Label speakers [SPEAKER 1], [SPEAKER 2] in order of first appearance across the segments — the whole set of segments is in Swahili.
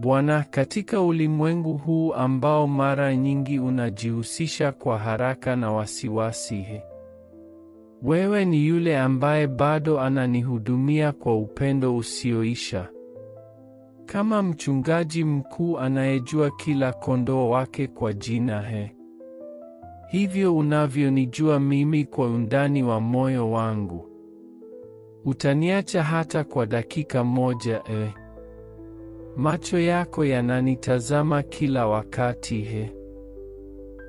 [SPEAKER 1] Bwana, katika ulimwengu huu ambao mara nyingi unajihusisha kwa haraka na wasiwasi, wewe ni yule ambaye bado ananihudumia kwa upendo usioisha. Kama mchungaji mkuu anayejua kila kondoo wake kwa jina, he, hivyo unavyonijua mimi kwa undani wa moyo wangu. Utaniacha hata kwa dakika moja? eh? Macho yako yananitazama kila wakati he.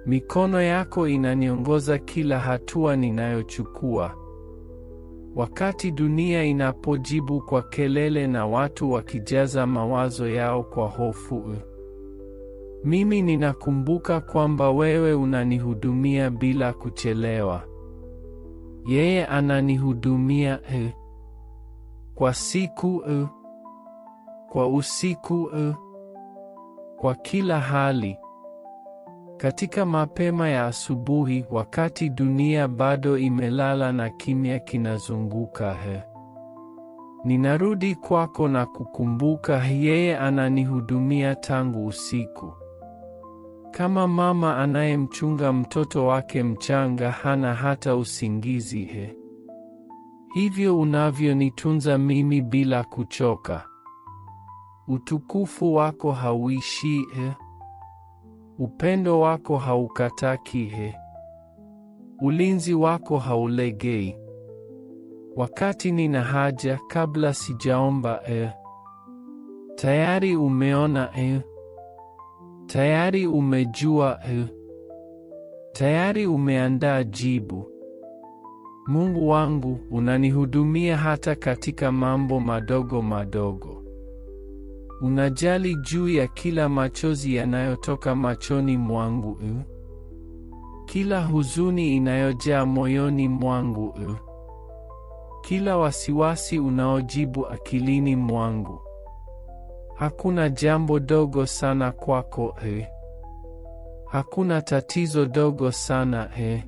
[SPEAKER 1] Mikono yako inaniongoza kila hatua ninayochukua. Wakati dunia inapojibu kwa kelele na watu wakijaza mawazo yao kwa hofu, e. mimi ninakumbuka kwamba wewe unanihudumia bila kuchelewa. Yeye ananihudumia eh, Kwa siku eh kwa usiku uh, kwa kila hali. Katika mapema ya asubuhi, wakati dunia bado imelala na kimya kinazunguka he, eh, ninarudi kwako na kukumbuka yeye ananihudumia tangu usiku. Kama mama anayemchunga mtoto wake mchanga hana hata usingizi he, eh. hivyo unavyonitunza mimi bila kuchoka. Utukufu wako hauishii, eh? upendo wako haukataki, eh? ulinzi wako haulegei. Wakati nina haja, kabla sijaomba, e tayari umeona, e tayari umejua, e tayari umeandaa jibu. Mungu wangu, unanihudumia hata katika mambo madogo madogo. Unajali juu ya kila machozi yanayotoka machoni mwangu u. Kila huzuni inayojaa moyoni mwangu u. Kila wasiwasi unaojibu akilini mwangu. Hakuna jambo dogo sana kwako e. Hakuna tatizo dogo sana e.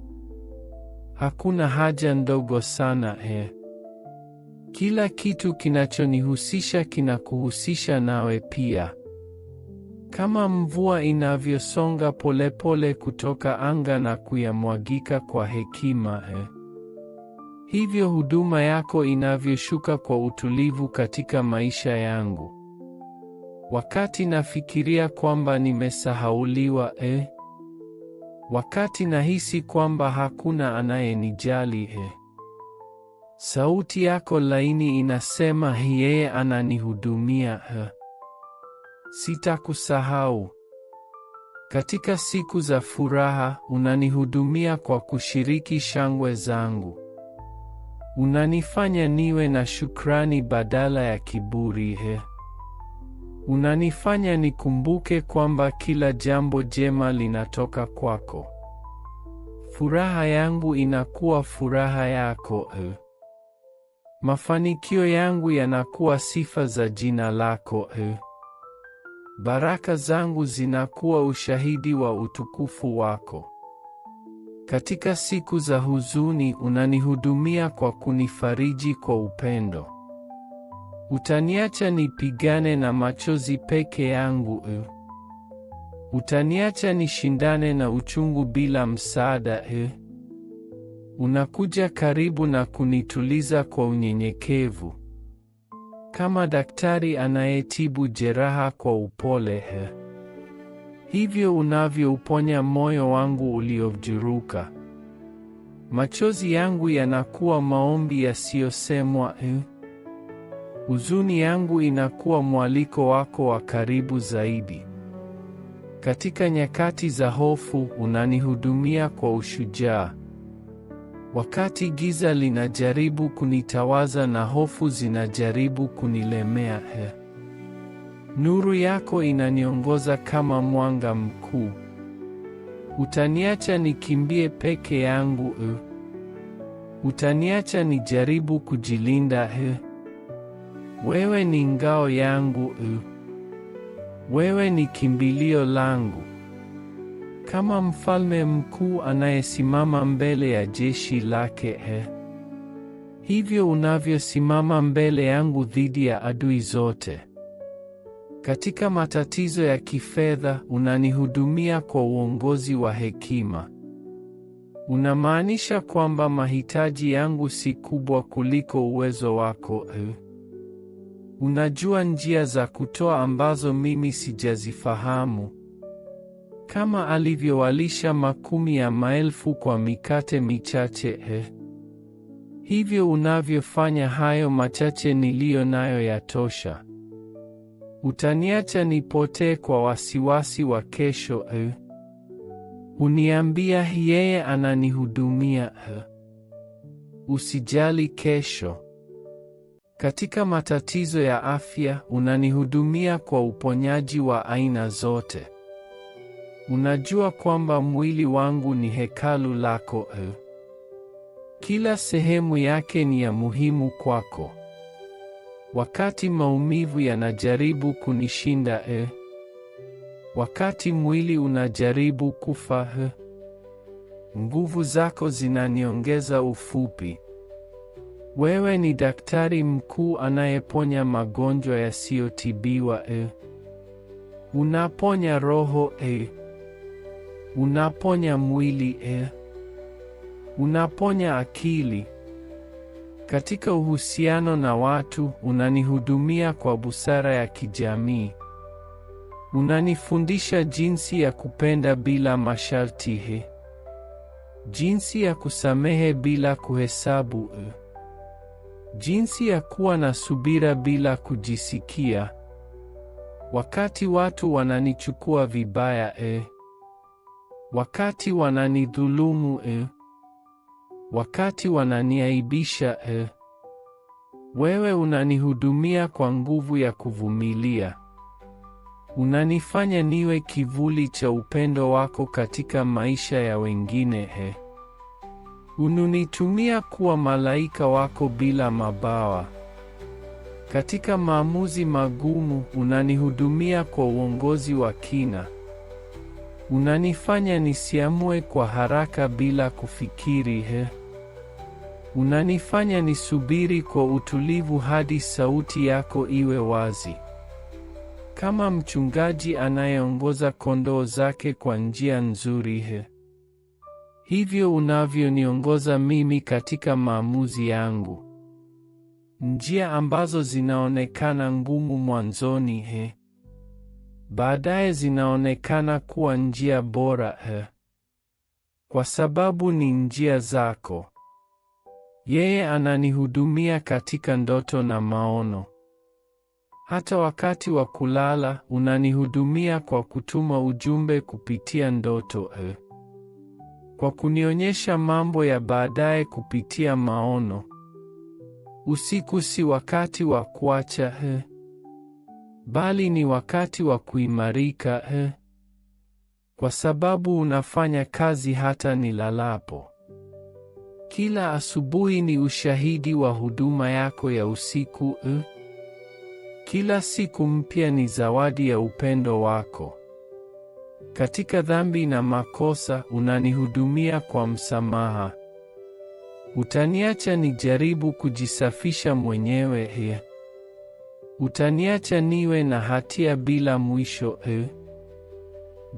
[SPEAKER 1] Hakuna haja ndogo sana e. Kila kitu kinachonihusisha kinakuhusisha nawe pia. Kama mvua inavyosonga polepole kutoka anga na kuyamwagika kwa hekima, eh, hivyo huduma yako inavyoshuka kwa utulivu katika maisha yangu. Wakati nafikiria kwamba nimesahauliwa, eh, wakati nahisi kwamba hakuna anayenijali, eh, Sauti yako laini inasema yeye ananihudumia. Sitakusahau. Katika siku za furaha, unanihudumia kwa kushiriki shangwe zangu. Unanifanya niwe na shukrani badala ya kiburi. He. Unanifanya nikumbuke kwamba kila jambo jema linatoka kwako. Furaha yangu inakuwa furaha yako. He. Mafanikio yangu yanakuwa sifa za jina lako. E, baraka zangu zinakuwa ushahidi wa utukufu wako. Katika siku za huzuni unanihudumia kwa kunifariji kwa upendo. Utaniacha nipigane na machozi peke yangu. E, utaniacha nishindane na uchungu bila msaada. E, Unakuja karibu na kunituliza kwa unyenyekevu, kama daktari anayetibu jeraha kwa upole he. Hivyo unavyouponya moyo wangu uliojuruka. Machozi yangu yanakuwa maombi yasiyosemwa Huzuni yangu inakuwa mwaliko wako wa karibu zaidi. Katika nyakati za hofu unanihudumia kwa ushujaa. Wakati giza linajaribu kunitawaza na hofu zinajaribu kunilemea he, eh. nuru yako inaniongoza kama mwanga mkuu. Utaniacha nikimbie peke yangu he? Eh. Utaniacha nijaribu kujilinda he? Eh. Wewe ni ngao yangu he? Wewe ni kimbilio langu kama mfalme mkuu anayesimama mbele ya jeshi lake he? Hivyo unavyosimama mbele yangu dhidi ya adui zote. Katika matatizo ya kifedha, unanihudumia kwa uongozi wa hekima. Unamaanisha kwamba mahitaji yangu si kubwa kuliko uwezo wako he? Unajua njia za kutoa ambazo mimi sijazifahamu kama alivyowalisha makumi ya maelfu kwa mikate michache he. Hivyo unavyofanya hayo machache niliyo nayo yatosha. Utaniacha nipotee kwa wasiwasi wa kesho he. Uniambia yeye ananihudumia he. Usijali kesho. Katika matatizo ya afya unanihudumia kwa uponyaji wa aina zote. Unajua kwamba mwili wangu ni hekalu lako. Kila sehemu yake ni ya muhimu kwako. Wakati maumivu yanajaribu kunishinda eh, wakati mwili unajaribu kufa eh, nguvu zako zinaniongeza ufupi. Wewe ni daktari mkuu anayeponya magonjwa yasiyotibiwa eh, unaponya roho eh. Unaponya mwili eh? Unaponya akili. Katika uhusiano na watu, unanihudumia kwa busara ya kijamii. Unanifundisha jinsi ya kupenda bila masharti he, eh? jinsi ya kusamehe bila kuhesabu eh? Jinsi ya kuwa na subira bila kujisikia. Wakati watu wananichukua vibaya eh? wakati wananidhulumu e, wakati wananiaibisha e, wewe unanihudumia kwa nguvu ya kuvumilia. Unanifanya niwe kivuli cha upendo wako katika maisha ya wengine e. Eh. Ununitumia kuwa malaika wako bila mabawa. Katika maamuzi magumu, unanihudumia kwa uongozi wa kina. Unanifanya nisiamue kwa haraka bila kufikiri he. Unanifanya nisubiri kwa utulivu hadi sauti yako iwe wazi. Kama mchungaji anayeongoza kondoo zake kwa njia nzuri he. Hivyo unavyoniongoza mimi katika maamuzi yangu. Njia ambazo zinaonekana ngumu mwanzoni he baadaye zinaonekana kuwa njia bora he. kwa sababu ni njia zako. Yeye ananihudumia katika ndoto na maono. Hata wakati wa kulala unanihudumia kwa kutuma ujumbe kupitia ndoto he. kwa kunionyesha mambo ya baadaye kupitia maono. Usiku si wakati wa kuacha eh, bali ni wakati wa kuimarika eh, kwa sababu unafanya kazi hata nilalapo. Kila asubuhi ni ushahidi wa huduma yako ya usiku eh. Kila siku mpya ni zawadi ya upendo wako. Katika dhambi na makosa unanihudumia kwa msamaha. Utaniacha nijaribu kujisafisha mwenyewe eh. Utaniacha niwe na hatia bila mwisho eh?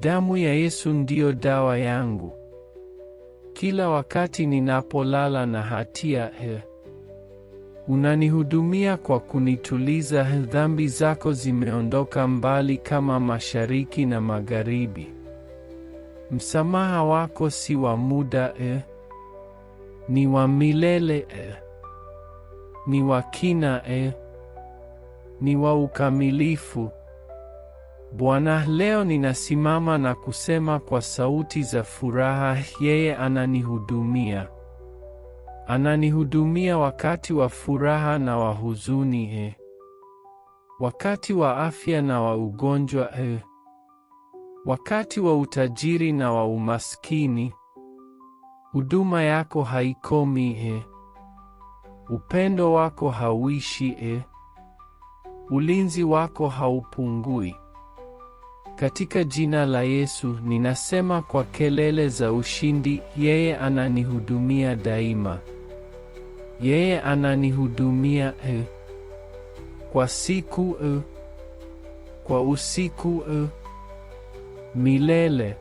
[SPEAKER 1] Damu ya Yesu ndiyo dawa yangu. Kila wakati ninapolala na hatia eh? Unanihudumia kwa kunituliza. Eh? Dhambi zako zimeondoka mbali kama mashariki na magharibi. Msamaha wako si wa muda eh? Ni wa milele eh? Ni wa kina eh? ni wa ukamilifu. Bwana, leo ninasimama na kusema kwa sauti za furaha, yeye ananihudumia. Ananihudumia wakati wa furaha na wa huzuni, he. Wakati wa afya na wa ugonjwa, he. Wakati wa utajiri na wa umaskini. Huduma yako haikomi, he. Upendo wako hauishi, he ulinzi wako haupungui. Katika jina la Yesu ninasema kwa kelele za ushindi, yeye ananihudumia daima. Yeye ananihudumia e, kwa siku e, kwa usiku e, milele.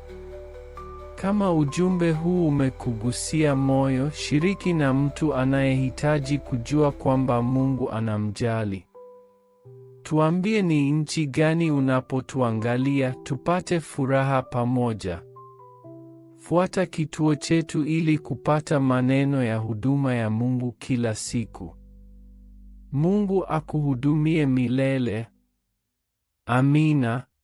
[SPEAKER 1] Kama ujumbe huu umekugusia moyo, shiriki na mtu anayehitaji kujua kwamba Mungu anamjali. Tuambie ni nchi gani unapotuangalia tupate furaha pamoja. Fuata kituo chetu ili kupata maneno ya huduma ya Mungu kila siku. Mungu akuhudumie milele. Amina.